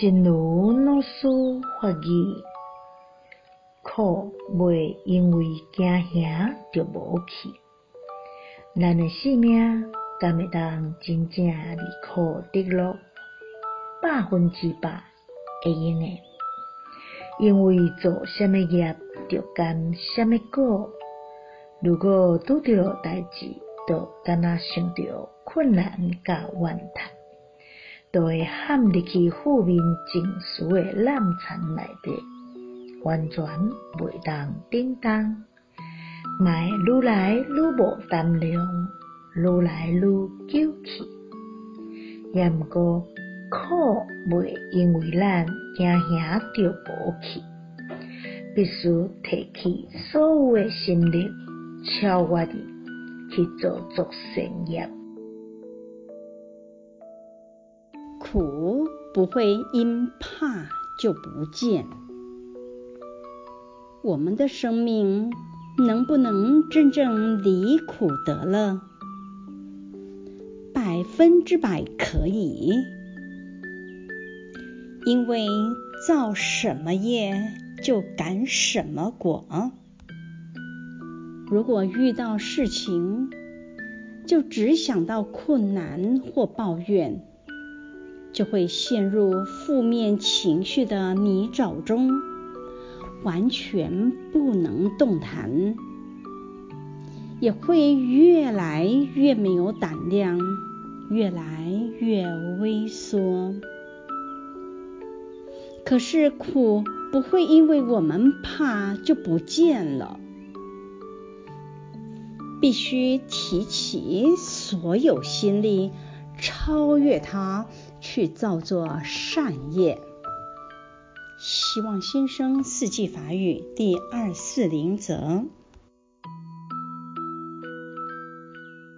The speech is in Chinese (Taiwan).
真如老師法語，苦袂因為驚嚇就無去，咱誒生命敢會當真正離苦得樂？百分之百會用誒，因為做啥物業就感啥物果，如果拄着代志，就敢若想着困難甲怨嘆。都會陷入去負面情緒誒爛場內底，完全袂當頂當，賣愈來愈無膽量，愈來愈糾結，抑毋過，苦未因為咱驚遐就無去，必須提起所有誒心力，超越伊去做做善業。苦不會因怕就不見。我們的生命能不能真正離苦得樂？百分之百可以，因為造什麼業就感什麼果。如果遇到事情，就只想到困難或抱怨。就會陷入負面情緒的泥沼中，完全不能動彈，也會越來越沒有膽量，越來越萎縮。可是苦不會因為我們怕就不見了，必須提起所有心力，超越它，去造作善業，希望新生四季法語第二四零則。